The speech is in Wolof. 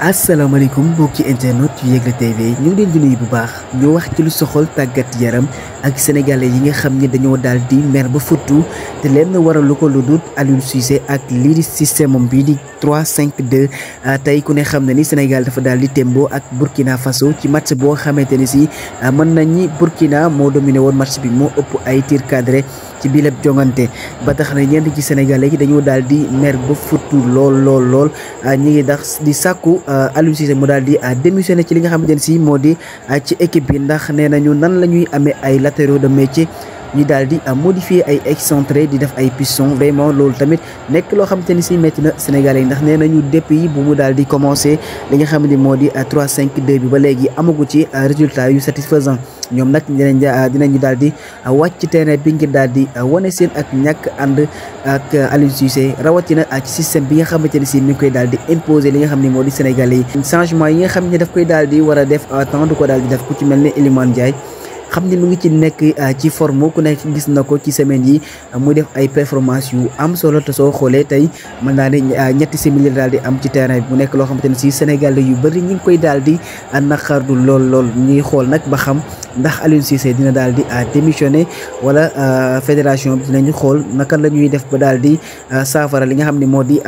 Assalamualaikum bokki internet yu Yegle TV ñu ngi leen di nuyu bu baax ñu wax ci lu soxol tagat yaram ak sénégalais yi nga xamni dañoo di mer ba futu te loko ludut ko lu dut Aliou suisse ak lii di système am di 352 ah, tay ku ne xamna ni Sénégal dafa daal di tembo ak Burkina Faso ci match bo xamanteni ni si ah, nañ ni Burkina mo dominé won match bi mo upp ay tir cadré ci bilab jongante ba tax na ñeent ci sénégalais yi dañoo di mer ba futu lol lol lol ah, ñi ngi dax di Euh, Aliou Cissé mu daal di euh, démissionné ci li nga xamante ci si euh, ci équipe bi ndax nénañu nan lañuy amé ay latéraux de métier. ñu daldi a modifier ay excentré di def ay pistons vraiment lool tamit nek lo xamante ci si na Sénégalais ndax nénañu depuis bu mu daldi commencer li nga xam ne a 3 5 2 bi ba légui amagu ci résultat yu satisfaisant ñoom nag dinañ dinañu daal di wàcc terrain bi ngir daal di wane seen ak ñàkk ànd ak Aliou Cissé rawatina ci système bi nga xamante ne si mi ngi koy daal di li nga xam ni moo di Sénégalais yi changement yi nga xam ne daf koy daal di war a def euh, temps du ko daal di def ku ci mel ni Iliman Ndiaye xam ni mu ngi ci nekk euh, ci forme ku nekk gis na ko ci semaine yi euh, mu def ay performance yu am solo te soo xoolee tey man naa ne euh, ñetti simili daal di am ci terrain bi mu nekk loo xamante ne si Sénégal yu bëri ñu ngi koy daal di naqardu lool lool ñuy xool nag ba xam ndax Aliou Cissé dina daal di démissionné wala fédération bi dinañu xool naka la ñuy def ba daal saafara li nga xam ne moo di